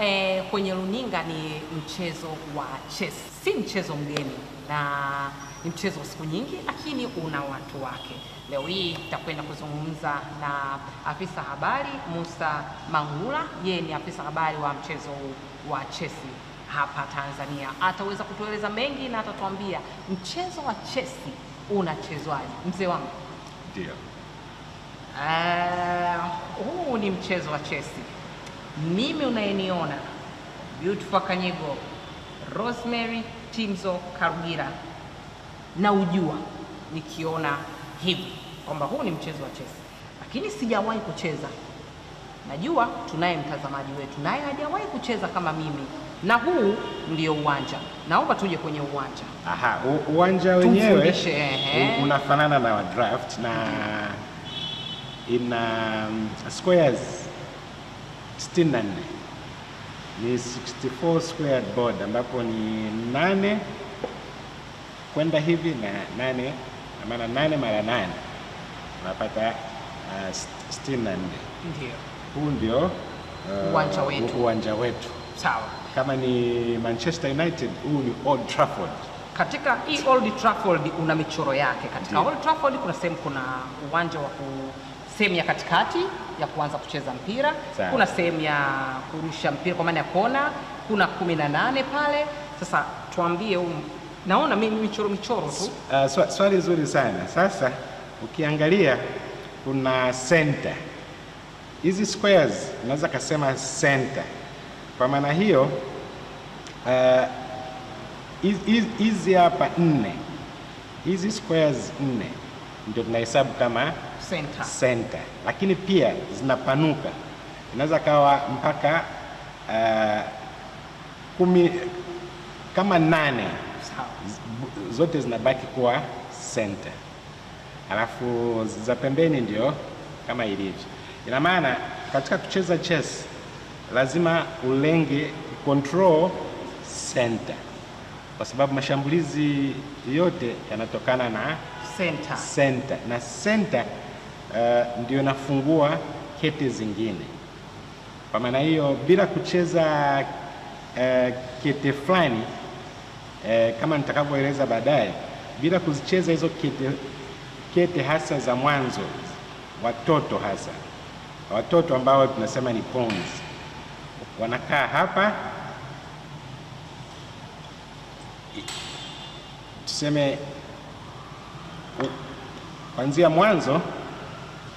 eh, kwenye runinga ni mchezo wa chess, si mchezo mgeni na ni mchezo wa siku nyingi, lakini una watu wake. Leo hii tutakwenda kuzungumza na afisa habari Musa Mangula, yeye ni afisa habari wa mchezo wa chesi hapa Tanzania. Ataweza kutueleza mengi na atatuambia mchezo wa chesi unachezwaje. Mzee wangu, ndio eh, huu ni mchezo wa chesi mimi unayeniona Beautiful Kanyego, Rosemary Timzo Karugira, na ujua nikiona hivi kwamba huu ni mchezo wa chesi, lakini sijawahi kucheza. Najua tunaye mtazamaji wetu naye hajawahi kucheza kama mimi, na huu ndio uwanja. Naomba tuje kwenye uwanja. Aha, uwanja wenyewe unafanana na wa draft na ina um, squares 64 ni 64 squared board ambapo ni 8 kwenda hivi na 8 na maana 8 mara 8 unapata 64 uh, Ndio huu ndio uh, uwanja wetu, uwanja wetu. Sawa. Kama ni Manchester United, huu ni Old Trafford. Katika hii Old Trafford una michoro yake. Katika Old Trafford kuna sehemu, kuna uwanja wa sehemu ya katikati ya kuanza kucheza mpira Sae. kuna sehemu ya kurusha mpira kwa maana ya kona, kuna kumi na nane pale. Sasa tuambie um, naona mimi michoro michoro tu uh, swali zuri sana. Sasa ukiangalia kuna center hizi squares, unaweza kasema center. Kwa maana hiyo uh, hizi uh, hapa nne hizi squares nne ndio tunahesabu kama center. Center, lakini pia zinapanuka, inaweza kawa mpaka uh, kumi kama nane zote zinabaki kuwa center, alafu za pembeni ndio kama ilivyo. Ina maana katika kucheza chess lazima ulenge control center, kwa sababu mashambulizi yote yanatokana na center. Center na center uh, ndio nafungua kete zingine. Kwa maana hiyo bila kucheza uh, kete fulani uh, kama nitakavyoeleza baadaye, bila kuzicheza hizo kete, kete hasa za mwanzo, watoto hasa watoto ambao tunasema ni pawns wanakaa hapa, tuseme kuanzia mwanzo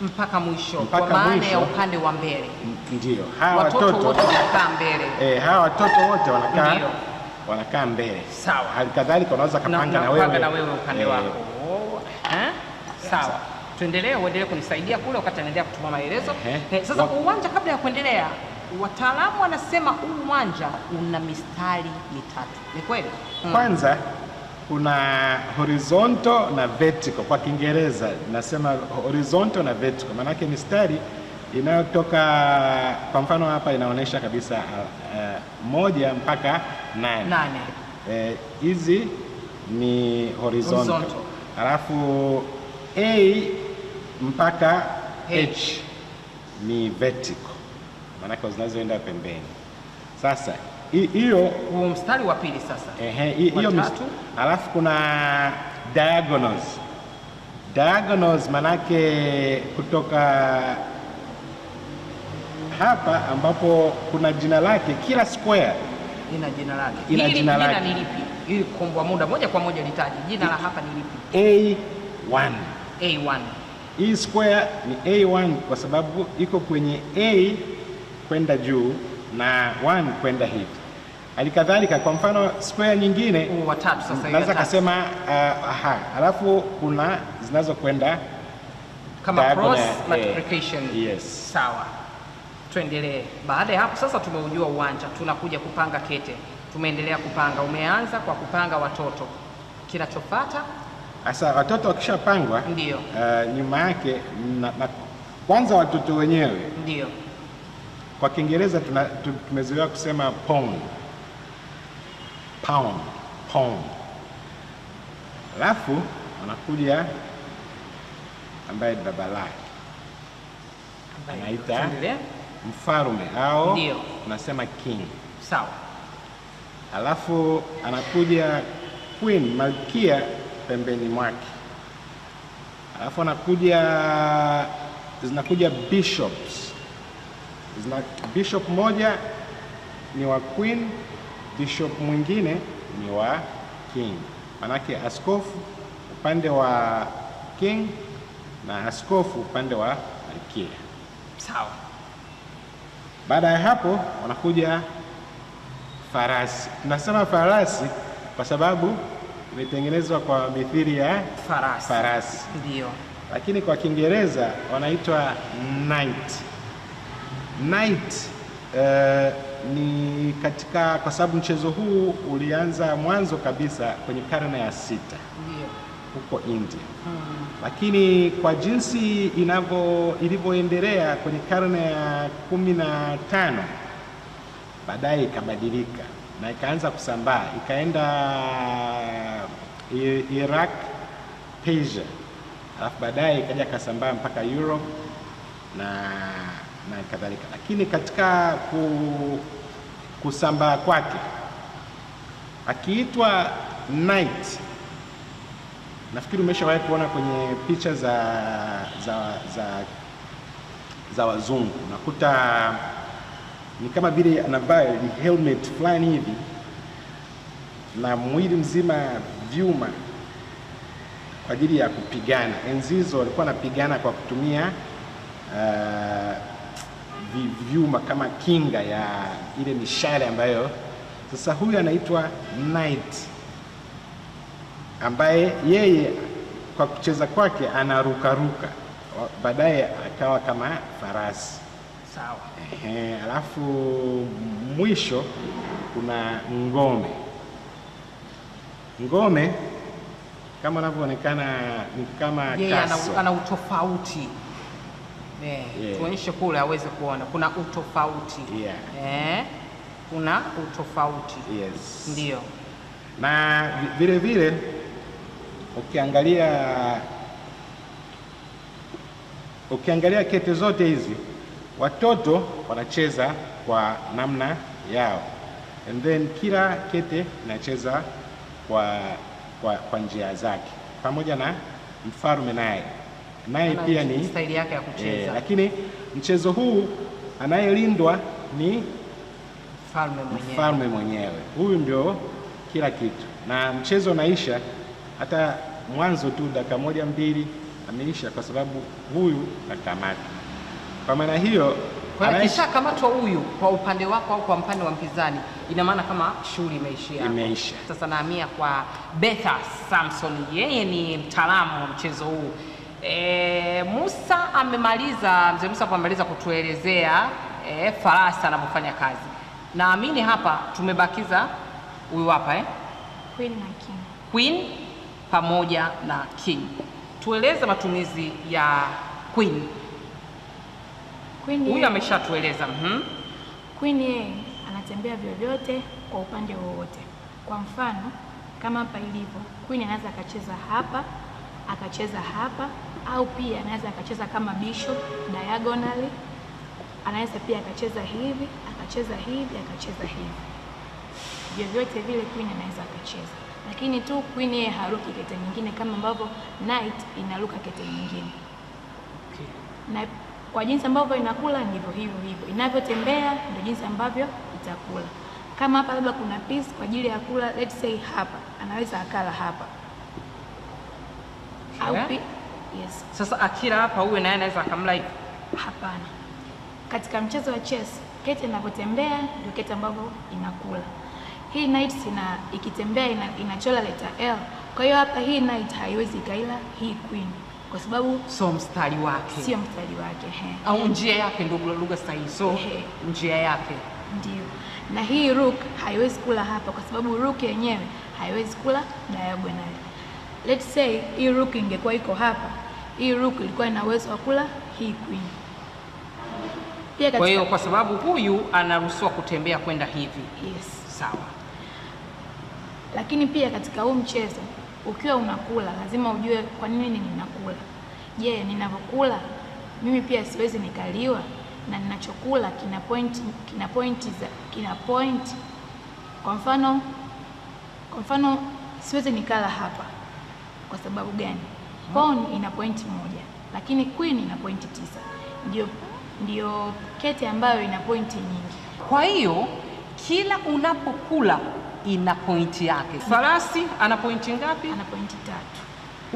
mpaka mwisho mpaka kwa maana ya upande wa mbele. Ndio hawa watoto wote wanakaa mbele eh, hawa watoto wote wanakaa wanakaa mbele. Sawa, halikadhalika unaweza kapanga na, wewe na wewe upande eh. wako oh, eh. Sawa, tuendelee, uendelee kunisaidia kule wakati anaendelea kutuma maelezo eh. eh. eh sasa uwanja, kabla ya kuendelea, wataalamu wanasema huu uwanja una mistari mitatu, ni kweli? Hmm. Kwanza mm kuna horizontal na vertical. Kwa Kiingereza nasema horizontal na vertical, maanake mistari inayotoka kwa mfano hapa inaonyesha kabisa uh, moja mpaka nane, nane. Eh, hizi ni horizontal, alafu A mpaka H, H ni vertical, maanake zinazoenda pembeni sasa hiyo huo mstari wa pili sasa. Ehe, hiyo mstari. Alafu kuna diagonals. Diagonals manake kutoka hapa ambapo kuna jina lake kila square ina jina lake. Ina jina lake. Ni lipi? Ili kukombwa muda moja kwa moja litaji. Jina la hapa ni lipi? A1. A1. Hii square ni A1 kwa sababu iko kwenye A kwenda juu na 1 kwenda hivi. Halikadhalika kwa mfano square nyingine naweza kasema uh, aha, alafu kuna zinazokwenda kama cross multiplication. Yes. Sawa, tuendelee. Baada ya hapo sasa, tumeujua uwanja, tunakuja kupanga kete. Tumeendelea kupanga, umeanza kwa kupanga watoto, kinachofuata sasa watoto wakishapangwa, ndio uh, nyuma yake kwanza watoto wenyewe, ndio kwa Kiingereza tumezoea kusema pong pound pound. Alafu anakuja ambaye ni baba lake anaita mfarume au unasema king. Sawa. Alafu anakuja queen, malkia pembeni mwake, alafu anakuja zinakuja bishops. Zina bishop moja ni wa queen bishop mwingine ni wa king. Manake askofu upande wa king na askofu upande wa malkia. Sawa. Baada ya hapo wanakuja farasi. Tunasema farasi kwa sababu imetengenezwa kwa mithili ya farasi, farasi. Ndiyo. Lakini kwa Kiingereza wanaitwa knight. Knight uh, ni katika, kwa sababu mchezo huu ulianza mwanzo kabisa kwenye karne ya sita yeah. huko India hmm. Lakini kwa jinsi inavyo ilivyoendelea kwenye karne ya kumi na tano baadaye ikabadilika na ikaanza kusambaa ikaenda Iraq, Persia, alafu baadaye ikaja kasambaa mpaka Europe na na kadhalika, lakini katika kusambaa kwake. Akiitwa night. nafikiri umeshawahi kuona kwenye picha za, za, za, za wazungu, nakuta ni kama vile anavaa ni helmet fulani hivi na mwili mzima vyuma kwa ajili ya kupigana. Enzi hizo walikuwa wanapigana kwa kutumia uh, vyuma kama kinga ya ile mishale ambayo sasa huyu anaitwa knight ambaye yeye kwa kucheza kwake anarukaruka baadaye akawa kama farasi sawa. Ehe, alafu mwisho kuna ngome. Ngome kama anavyoonekana ni kama yeye ana utofauti yeah. Tuonyeshe kule aweze kuona kuna utofauti yeah. eh, kuna utofauti yes. Ndio, na vile vile ukiangalia ukiangalia kete zote hizi watoto wanacheza kwa namna yao, and then kila kete inacheza kwa, kwa, kwa njia zake, pamoja na mfarume naye naye pia ni staili yake ya eh, kucheza e, lakini mchezo huu anayelindwa ni mfalme mwenyewe. Mfalme mwenyewe huyu ndio kila kitu, na mchezo unaisha hata mwanzo tu dakika moja mbili ameisha, kwa sababu huyu akamata. Kwa maana hiyo kisha kamatwa huyu, kwa upande wako au kwa mpande wa mpinzani, ina maana kama shughuli imeishia, imeisha. Sasa naamia kwa Betha Samson, yeye ni mtaalamu wa mchezo huu. E, Musa amemaliza, mzee Musa amemaliza kutuelezea e, farasi anapofanya kazi. Naamini hapa tumebakiza huyu hapa eh? Queen na king. Queen pamoja na king. Tueleze matumizi ya queen. Queen huyu ameshatueleza. Mhm. Queen yeye anatembea vyovyote kwa upande wowote. Kwa mfano kama hapa ilivyo, queen anaweza akacheza hapa akacheza hapa au pia anaweza akacheza kama bishop diagonally, anaweza pia akacheza hivi akacheza hivi akacheza hivi, vyovyote vile queen anaweza akacheza, lakini tu queen yeye haruki kete nyingine kama ambavyo knight inaruka kete nyingine okay. na kwa jinsi ambavyo inakula ndivyo hivyo hivyo, inavyotembea ndio jinsi ambavyo itakula. Kama hapa labda kuna piece kwa ajili ya kula, let's say hapa, anaweza akala hapa au Yes. Sasa Akira hapa huyu naye anaweza akamlike? Hapana. Katika mchezo wa chess, kete inavyotembea ndio kete ambavyo inakula. Hii knight ina ikitembea ina, inachola leta L. Kwa hiyo hapa hii knight haiwezi kaila hii queen kwa sababu so mstari wake sio mstari wake he. Au njia yake ndio lugha sahihi. So he. njia yake ndio. Na hii rook haiwezi kula hapa kwa sababu rook yenyewe haiwezi kula diagonal. Let's say hii rook ingekuwa iko hapa hii rook ilikuwa ina uwezo wa kula hii queen. Pia kwa hiyo kwa sababu huyu anaruhusiwa kutembea kwenda hivi. Yes. Sawa. Lakini pia katika huu mchezo ukiwa unakula lazima ujue kwa nini ninakula. Je, ninavyokula mimi pia siwezi nikaliwa na ninachokula kina point kina point za kina point. Kwa mfano kwa mfano siwezi nikala hapa kwa sababu gani? Pawn ina pointi moja, lakini queen ina pointi tisa. Ndio, ndio kete ambayo ina pointi nyingi. Kwa hiyo kila unapokula ina pointi yake. Farasi ana pointi ngapi? Ana pointi tatu.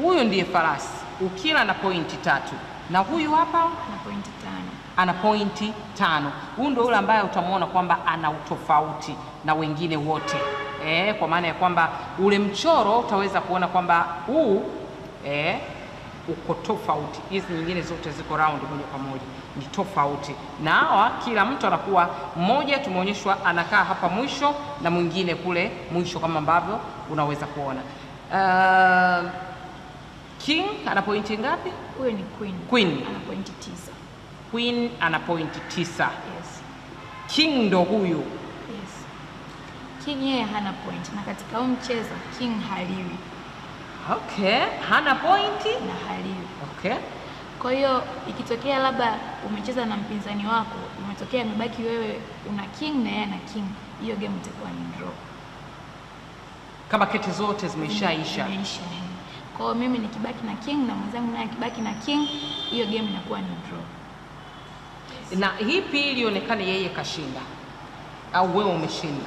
Huyu ndiye farasi, ukila ana pointi tatu, na huyu hapa ana pointi tano. Ana pointi tano. Huyu ndio yule ambaye utamwona kwamba ana utofauti na wengine wote eh, kwa maana ya kwamba ule mchoro utaweza kuona kwamba huu eh, uko tofauti. Hizi nyingine zote ziko round moja kwa moja, ni tofauti. Na hawa kila mtu anakuwa mmoja, tumeonyeshwa anakaa hapa mwisho na mwingine kule mwisho, kama ambavyo unaweza kuona. Uh, king ana pointi ngapi? Huyo ni queen. Queen ana pointi tisa. Queen ana pointi tisa. Yes. King ndo huyu. Yes. King yeye hana point, na katika huu mchezo king haliwi. Okay, hana pointi na halivu. Okay. Kwa hiyo ikitokea labda umecheza na mpinzani wako, umetokea imebaki wewe una king na yeye ana king, hiyo game itakuwa ni draw kama kete zote zimeshaisha. Eh. Kwa hiyo mimi nikibaki na king na mwenzangu naye akibaki na king, hiyo game inakuwa ni draw. Na hii pili ilionekane yeye kashinda au wewe umeshinda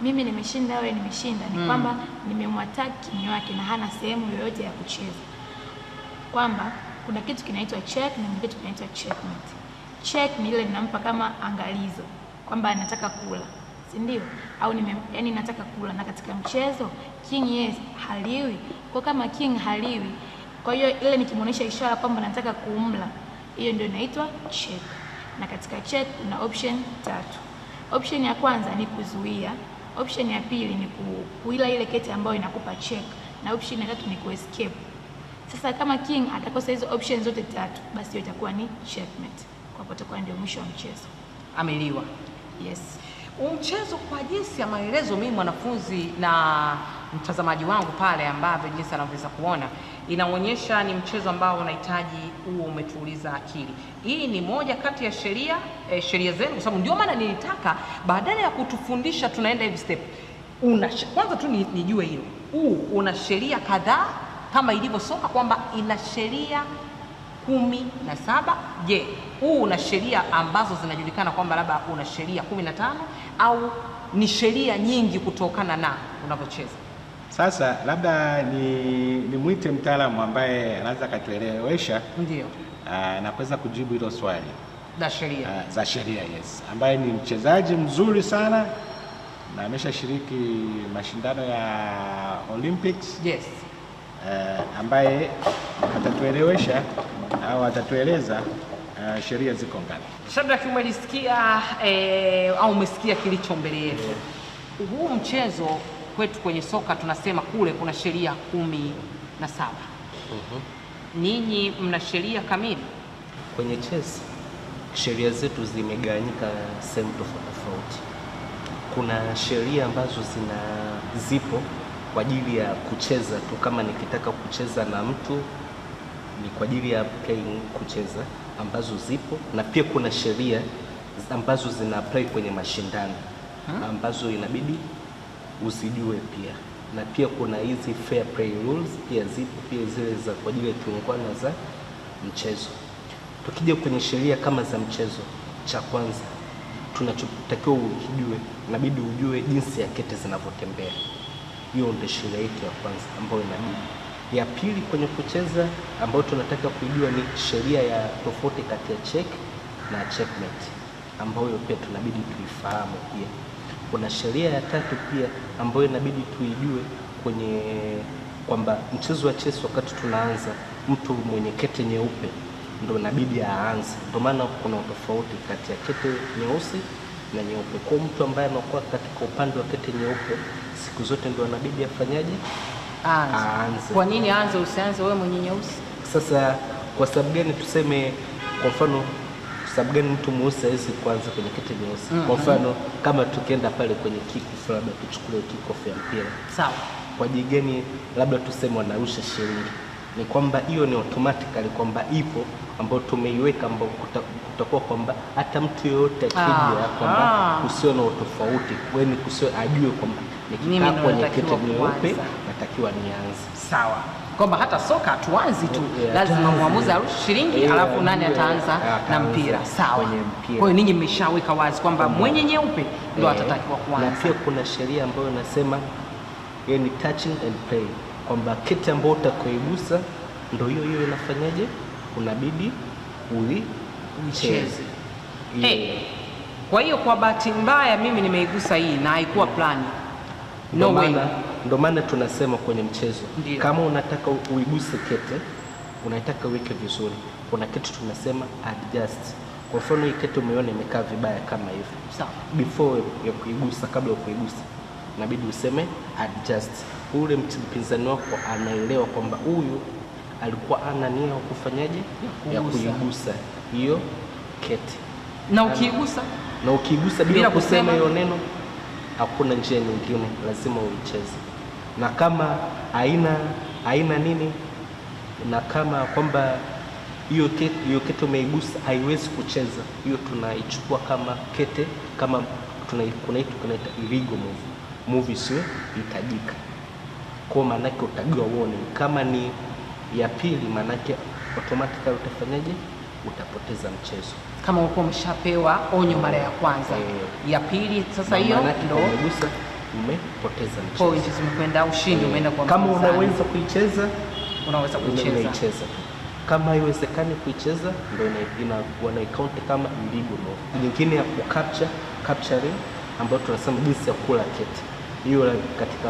mimi nimeshinda, wewe nimeshinda, ni mm. kwamba nimemwataki kinywa wake na hana sehemu yoyote ya kucheza, kwamba kuna kitu kinaitwa check na kuna kitu kinaitwa checkmate. Check ni ile ninampa kama angalizo kwamba anataka kula, si ndio? Au nime, yani nataka kula, na katika mchezo king yes haliwi kwa kama king haliwi, kwa hiyo ile nikimuonesha ishara kwamba nataka kumla hiyo ndio inaitwa check. Na katika check kuna option tatu. Option ya kwanza ni kuzuia Option ya pili ni kuila ile kete ambayo inakupa check na option ya tatu ni escape. Sasa kama king atakosa hizo options zote tatu, basi hiyo itakuwa ni checkmate, kwa hapo itakuwa ndio mwisho wa mchezo, ameliwa. Yes, mchezo kwa jinsi ya maelezo, mimi mwanafunzi na mtazamaji wangu pale ambavyo jinsi anavyoweza kuona inaonyesha ni mchezo ambao unahitaji huo umetuuliza akili. Hii ni moja kati ya sheria eh, sheria zenu, kwa sababu ndio maana nilitaka badala ya kutufundisha tunaenda hivi step una kwanza tu nijue hilo huu una sheria kadhaa kama ilivyo soka kwamba ina sheria kumi na saba. Je, huu una sheria ambazo zinajulikana kwamba labda una sheria kumi na tano au ni sheria nyingi kutokana na unavyocheza. Sasa labda nimwite ni mtaalamu ambaye anaweza akatuelewesha ndio ah, na kuweza kujibu hilo swali za sheria ah, za sheria, yes, ambaye ni mchezaji mzuri sana na ameshashiriki mashindano ya Olympics yes. Uh, ambaye atatuelewesha au atatueleza uh, sheria ziko ngapi. Shadrack, umejisikia eh, au umesikia kilicho mbele yetu yeah. Huu mchezo kwetu kwenye soka tunasema kule kuna sheria kumi na saba. uh mhm. -huh. Ninyi mna sheria kamili kwenye chesi? Sheria zetu zimegawanyika sehemu tofauti tofauti. Kuna sheria ambazo zina zipo kwa ajili ya kucheza tu, kama nikitaka kucheza na mtu ni kwa ajili ya playing, kucheza ambazo zipo, na pia kuna sheria ambazo zina apply kwenye mashindano hmm? ambazo inabidi usijue pia na pia kuna hizi fair play rules pia zipo pia zile za kwa ajili ya kiungwana za mchezo. Tukija kwenye sheria kama za mchezo, cha kwanza tunachotakiwa ukijue, inabidi ujue jinsi ya kete zinavyotembea. Hiyo ndio sheria yetu ya kwanza ambayo inabidi. Ya pili kwenye kucheza ambayo tunataka kujua ni sheria ya tofauti kati ya check na checkmate, ambayo pia tunabidi tuifahamu pia kuna sheria ya tatu pia ambayo inabidi tuijue kwenye kwamba mchezo wa chesi wakati tunaanza, mtu mwenye kete nyeupe ndo inabidi aanze. Ndio maana kuna utofauti kati ya kete nyeusi na nyeupe. Kwa mtu ambaye anakuwa katika upande wa kete nyeupe, siku zote ndio anabidi afanyaje? Aanze. Kwa nini aanze, usianze wewe mwenye nyeusi? Sasa kwa sababu gani? Tuseme kwa mfano sababu gani mtu mweusi hawezi kuanza kwenye kiti nyeusi? mm -hmm. Kwa mfano kama tukienda pale kwenye kikofu, labda tuchukulie kikofu ya mpira sawa, kwa jigeni labda tuseme wanarusha shilingi, ni kwamba hiyo ni automatically kwamba ipo ambayo tumeiweka ambao kutakuwa kwamba hata mtu yoyote akija ah, kwamba ah. kusio na utofauti, weni yaani kusio ajue kwamba nikikaa kwenye kiti nyeupe natakiwa nianze. Sawa kwamba hata soka hatuanzi tu yeah, lazima mwamuzi arushi shilingi yeah, alafu nani ataanza yeah, na mpira sawa. Kwa hiyo ninyi mmeshaweka wazi kwamba mm. mwenye nyeupe ndo atatakiwa kuanza, na pia kuna sheria ambayo inasema ni touching and play, kwamba kete ambayo utakoigusa ndo hiyo hiyo inafanyaje, unabidi uicheze. Hey, kwa hiyo kwa bahati mbaya mimi nimeigusa hii na haikuwa mm. plani, no way ndio maana tunasema kwenye mchezo Ndiyo. kama unataka uiguse kete, unataka uweke vizuri, kuna kitu tunasema adjust. Kwa mfano hii kete umeona imekaa vibaya kama hivi, Before ya kuigusa, kabla ya kuigusa, inabidi useme adjust. Ule mpinzani wako anaelewa kwamba huyu alikuwa ana nia ya kufanyaje, ya kuigusa hiyo kete, na ukiigusa na ukiigusa bila, kusema hiyo neno, hakuna njia nyingine, lazima uicheze na kama haina haina nini, na kama kwamba hiyo kete, hiyo kete umeigusa haiwezi kucheza, hiyo tunaichukua kama kete, kama tunaita illegal move, move isiyo hitajika. Kwa maanake utagiwa uone Kama ni ya pili, maanake automatically utafanyaje? Utapoteza mchezo kama ulikuwa umeshapewa onyo mara ya kwanza. E, ya pili sasa hiyo ndio umepoteza mchezo. zimekwenda ushindi umeenda kwa kama unaweza kuicheza unaweza kuicheza. Kama haiwezekani kuicheza ndio ina account kama no. Nyingine ya kucapture capturing ambayo tunasema jinsi ya kula kete. Hiyo katika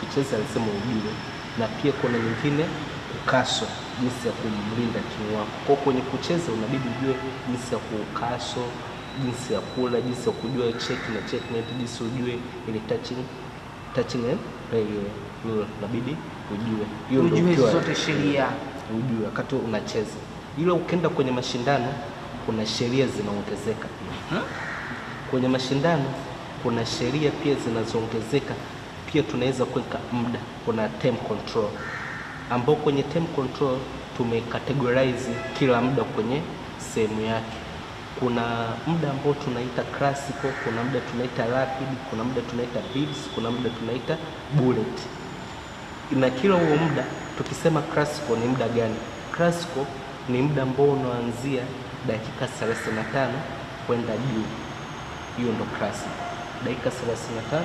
kucheza alisema ujue, na pia kuna nyingine kukaso jinsi ya kumlinda timu wako. Kwa kwenye kucheza unabidi ujue jinsi ya kukaso jinsi ya kula, jinsi ya kujua check na checkmate, jinsi ujue ile touching touching and eh, prayer, hiyo inabidi ujue, hiyo ndio zote sheria ujue wakati unacheza, ila ukienda kwenye mashindano kuna sheria zinaongezeka pia hmm? kwenye mashindano kuna sheria pia zinazoongezeka pia, tunaweza kuweka muda, kuna time control ambao kwenye time control tumecategorize kila muda kwenye sehemu yake kuna muda ambao tunaita classical, kuna muda tunaita rapid, kuna muda tunaita beats, kuna muda tunaita bullet. Na kila huo muda tukisema classical ni muda gani? Classical ni muda ambao unaanzia dakika 35 kwenda juu. Hiyo ndo classical, dakika 35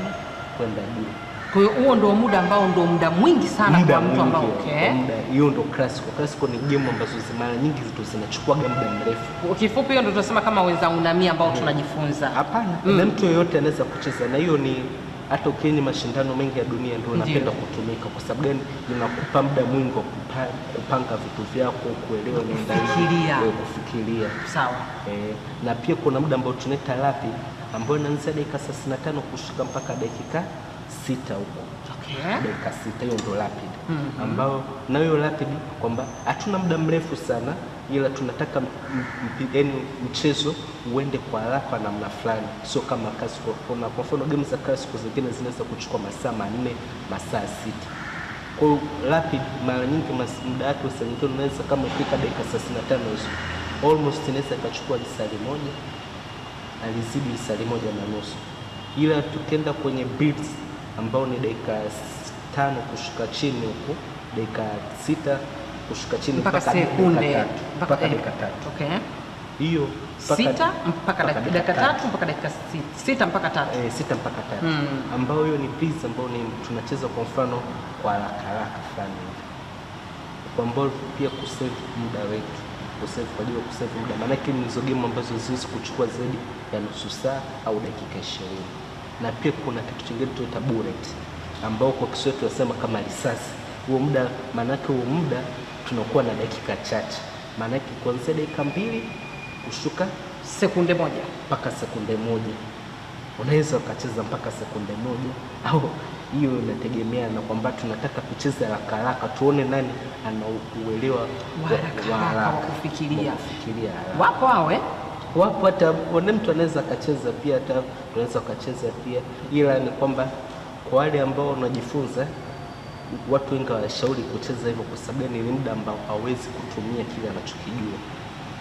kwenda juu. Kwa hiyo huo ndio muda ambao ndio muda mwingi sana kwa mtu ambao okay. Hiyo ndio classic. Classic ni game ambazo mara nyingi zitu zinachukua muda mrefu. Kifupi hiyo ndio tunasema kama wenzangu na mimi ambao mm. tunajifunza. Hapana, mm. na mtu yeyote anaweza kucheza na hiyo ni hata ukienye mashindano mengi ya dunia ndio unapenda kutumika. Kwa sababu gani? Inakupa muda mwingi wa kupanga vitu vyako, kuelewa kufikiria, eh, kufikiria. Sawa. Eh, na pia kuna muda ambao tunaita lapi ambao inaanza dakika 35 kushuka mpaka dakika sita huko okay. dakika sita, hiyo ndio rapid mm -hmm. ambao na hiyo rapid kwamba hatuna muda mrefu sana, ila tunataka yani mchezo uende kwa haraka namna fulani, sio kama classical. Kwa mfano game za classical zingine zinaweza kuchukua masaa manne masaa sita kwa rapid mara nyingi muda wake usanyingine unaweza kama ifika dakika 35 hizo almost inaweza ikachukua lisali moja alizidi lisali moja na nusu, ila tukienda kwenye beats ambao ni dakika tano kushuka chini huku, dakika sita kushuka chini mpaka dakika tatu. hiyo sita mpaka dakika tatu mpaka dakika sita mpaka tatu e, sita mpaka tatu hmm. ambayo hiyo ni pizza ambao ni tunacheza kwa mfano kwa haraka haraka fulani kwa pia kusave muda wetu kusave kwa ajili ya kusave muda maanake ni hizo ambazo ziwezi kuchukua zaidi ya nusu saa au dakika ishirini na pia kuna kitu kingine tunaita bullet, ambao kwa Kiswahili tunasema kama risasi. Huo muda maanake, huo muda tunakuwa na dakika chache, maanake kuanzia dakika mbili kushuka sekunde moja mpaka sekunde moja unaweza ukacheza mpaka sekunde moja au hiyo inategemea na kwamba tunataka kucheza haraka haraka, tuone nani ana uelewa wa haraka kufikiria. Wapo hao eh? wapo hata mtu anaweza akacheza pia, hata unaweza ukacheza pia, ila ni kwamba kwa wale ambao wanajifunza watu wengi wanashauri kucheza hivyo, kwa sababu ni muda ambao hawezi kutumia kile anachokijua.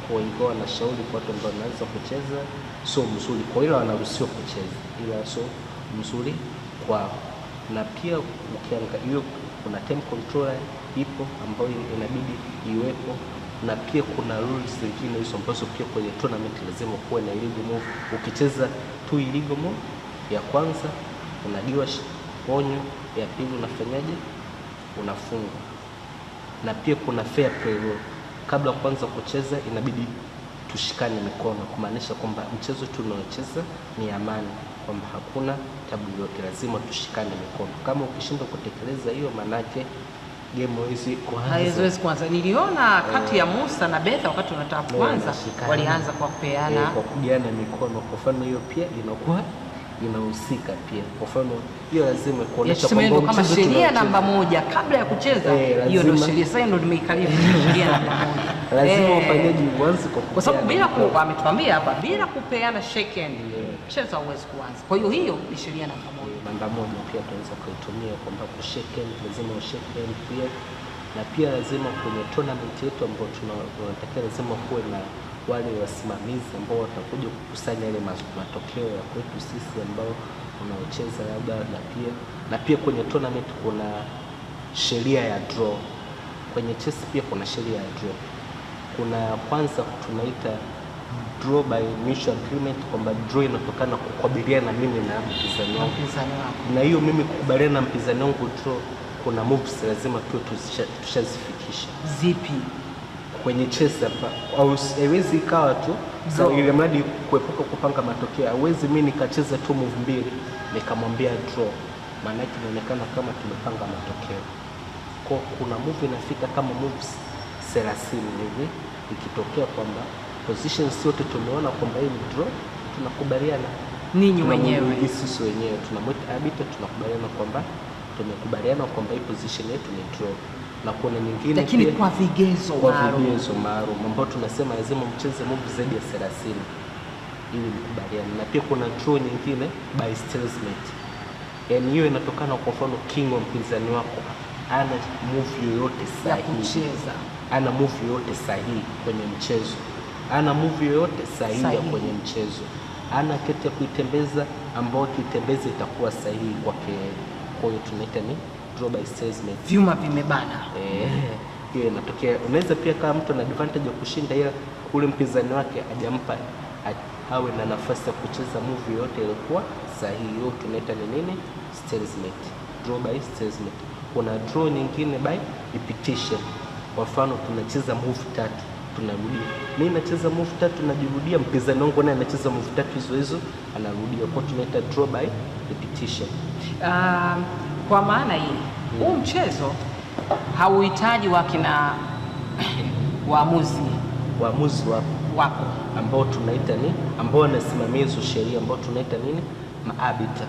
Kwa hiyo wanashauri kwa watu ambao wanaanza kucheza, sio mzuri kwa, ila wanaruhusiwa kucheza, ila sio mzuri kwao. Na pia ukiangalia, kuna time controller ipo ambayo inabidi iwepo na pia kuna rules zingine hizo ambazo pia kwenye tournament lazima kuwe na illegal move. Ukicheza tu illegal move ya kwanza unagiwa onyo, ya pili unafanyaje? Unafungwa. Na pia kuna fair play rule. Kabla kuanza kucheza inabidi tushikane mikono, kumaanisha kwamba mchezo tu unaocheza ni amani, kwamba hakuna tabu yote, lazima tushikane mikono. Kama ukishindwa kutekeleza hiyo, maanake haiwezi kwanza Niliona eh. kati ya Musa na Betha wakati wanataka kwanza, walianza kwa kupeana eh, kwa kupeana mikono. Kwa mfano hiyo pia inakuwa inahusika pia. Kwa mfano hiyo lazima kuonesha kwamba kama sheria namba moja kabla ya kucheza, eh, hiyo ndio sheria. Sasa ndio nimeikabidhi sheria namba moja, lazima wafanyaji uanze kwa, kwa sababu bila ku, ametuambia hapa bila kupeana shake hand Mchezo hauwezi kuanza. Kwa hiyo hiyo ni sheria namba moja. Namba moja pia tunaweza kuitumia kwamba kushake hand, lazima ushake hand pia, na pia lazima kwenye tournament yetu ambayo tunatakiwa, lazima kuwe na wale wasimamizi ambao watakuja kukusanya yale matokeo ya kwetu sisi ambao unaocheza labda, na pia na pia kwenye tournament kuna sheria ya draw. Kwenye chess pia kuna sheria ya draw. Kuna kwanza tunaita draw by mutual agreement kwamba draw inatokana kukubaliana mimi na mpinzani wangu, na hiyo mimi kukubaliana na mpinzani wangu draw, kuna moves lazima tu tushazifikisha. Zipi? kwenye chess hapa, au haiwezi ikawa tu so, ile mradi kuepuka kupanga matokeo. Haiwezi mimi nikacheza tu move mbili nikamwambia draw, maana yake inaonekana kama tumepanga matokeo. Kwa kuna move inafika kama moves 30 hivi ikitokea kwamba positions zote tumeona kwamba hii ni draw, tunakubaliana ninyi wenyewe, sisi wenyewe tunamwita arbiter, tunakubaliana kwamba tumekubaliana kwamba hii position yetu ni draw na kuna nyingine lakini kwa vigezo kwa vigezo maalum ambao tunasema lazima mcheze move zaidi ya 30 ili mkubaliane, na pia kuna draw nyingine by stalemate, yani hiyo inatokana kwa mfano king wa mpinzani wako ana move yoyote sahihi, ana move yoyote sahihi kwenye mchezo ana muvi yoyote sahihi ya kwenye mchezo, ana keti ya kuitembeza ambayo kitembeza itakuwa sahihi kwake. Kwa hiyo tunaita ni draw by salesman, vyuma vimebana eh, hiyo inatokea. Unaweza pia kama mtu ana advantage ya kushinda, ila ule mpinzani wake ajampa awe na nafasi ya kucheza movie yoyote ilikuwa sahihi. Hiyo tunaita ni nini? Stalemate, draw by stalemate. Kuna draw nyingine by repetition, kwa mfano tunacheza movie tatu tunarudia. Mimi nacheza move tatu najirudia, mpinzani wangu naye anacheza move tatu hizo hizo anarudia, kwa tunaita draw by repetition. Um, kwa maana hii hmm. huu hmm, mchezo hauhitaji wakina waamuzi waamuzi wapo wako ambao tunaita ni ambao wanasimamia hizo sheria ambao tunaita nini maabita.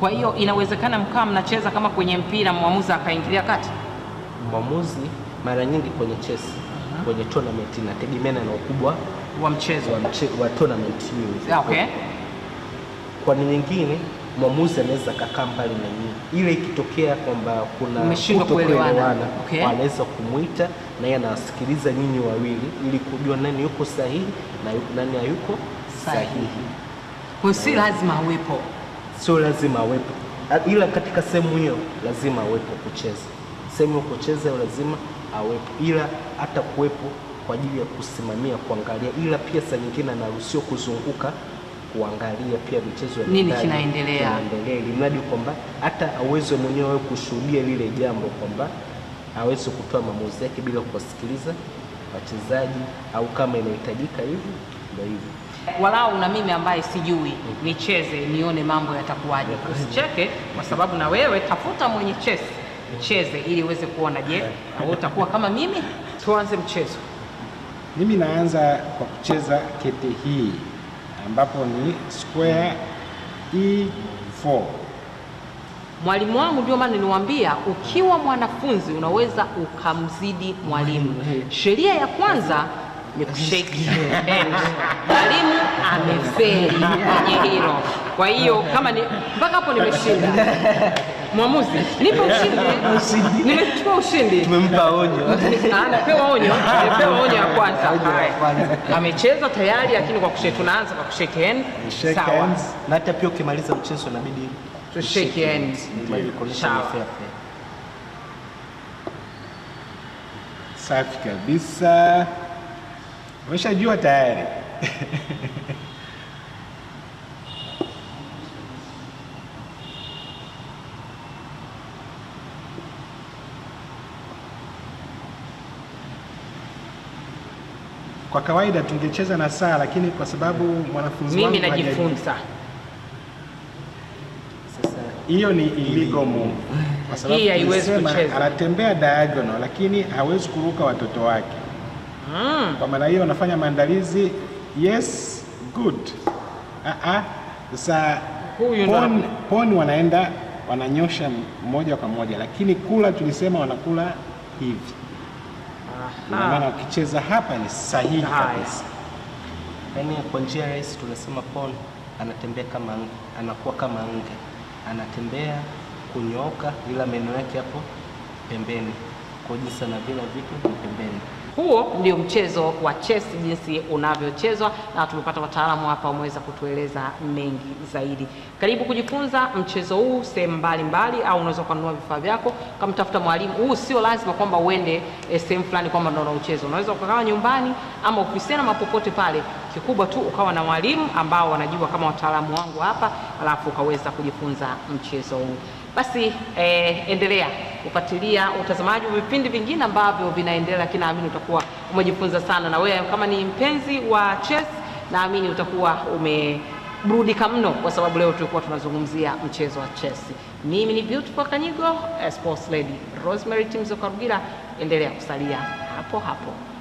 Kwa hiyo inawezekana mkawa mnacheza kama kwenye mpira, mwamuzi akaingilia kati. Mwamuzi mara nyingi kwenye chesi kwenye tournament inategemeana na ukubwa wa mchezo wa, mche, wa tournament hiyo. Okay. Kwa nyingine mwamuzi anaweza kakaa mbali na nyinyi, ile ikitokea kwamba kuna kutokuelewana okay, anaweza kumwita na yeye anawasikiliza nyinyi wawili ili kujua nani yuko sahihi na nani hayuko sahihi. Kwa si lazima awepo, sio lazima awepo, ila katika sehemu hiyo lazima awepo kucheza, sehemu kucheza lazima awepo, ila hata kuwepo kwa ajili ya kusimamia kuangalia, ila pia saa nyingine anaruhusiwa kuzunguka kuangalia pia michezo ya nini kinaendelea, ili mradi kwamba hata aweze mwenyewe kushuhudia lile jambo, kwamba aweze kutoa maamuzi yake bila kuwasikiliza wachezaji, au kama inahitajika hivi ndio hivi. walau na mimi ambaye sijui mhm. nicheze nione mambo yatakuwaje. Usicheke kwa sababu na wewe tafuta mwenye chesi icheze ili uweze kuona. Je, na wewe utakuwa kama mimi? Tuanze mchezo. Mimi naanza kwa kucheza kete hii ambapo ni square E4. Mwalimu wangu ndio maana niliwaambia, ukiwa mwanafunzi unaweza ukamzidi mwalimu. Sheria ya kwanza ni kushake hand. Mwalimu amefeli kwenye hilo, kwa hiyo kama ni mpaka hapo nimeshinda. Mwamuzi, nipo ushindi. Nimechukua ushindi. Tumempa onyo. Anapewa ah, onyo, anapewa onyo ya kwanza. Amecheza tayari lakini kwa kushake tunaanza kwa kushake hand. Sawa. Na hata pia ukimaliza mchezo inabidi to shake hand. Safi kabisa. Umeshajua tayari. Kwa kawaida tungecheza na saa, lakini kwa sababu mwanafunzi wangu mimi najifunza hiyo ni illegal move kwa sababu tulisema anatembea diagonal lakini hawezi kuruka watoto wake. Mm. Kwa maana hiyo anafanya maandalizi. Yes, good. Ah ah. Sasa pon, wanaenda wananyosha moja kwa moja, lakini kula tulisema wanakula hivi. Ah. maana ukicheza hapa ni sahihi kabisa. Yaani kwa njia rahisi tunasema Paul anatembea kama anakuwa kama nge, anatembea kunyooka, ila meno yake yapo pembeni, kwa jinsi vile vitu ni pembeni. Huo ndio mchezo wa chess jinsi unavyochezwa, na tumepata wataalamu hapa wameweza kutueleza mengi zaidi. Karibu kujifunza mchezo huu sehemu mbalimbali, au unaweza kununua vifaa vyako kamtafuta mwalimu. Huu sio lazima kwamba uende eh, sehemu fulani kwamba ndio unaucheza, unaweza ukakaa nyumbani ama ofisini ama popote pale Kikubwa tu ukawa na walimu ambao wanajua kama wataalamu wangu hapa, alafu ukaweza kujifunza mchezo huu. Basi eh, endelea kufuatilia utazamaji wa vipindi vingine ambavyo vinaendelea, lakini naamini utakuwa umejifunza sana, na wewe kama ni mpenzi wa chess, naamini utakuwa umeburudika mno, kwa sababu leo tulikuwa tunazungumzia mchezo wa chess. Mimi ni Beautiful Kanyigo, sports lady Rosemary Timzo Karugira. Endelea kusalia hapo hapo.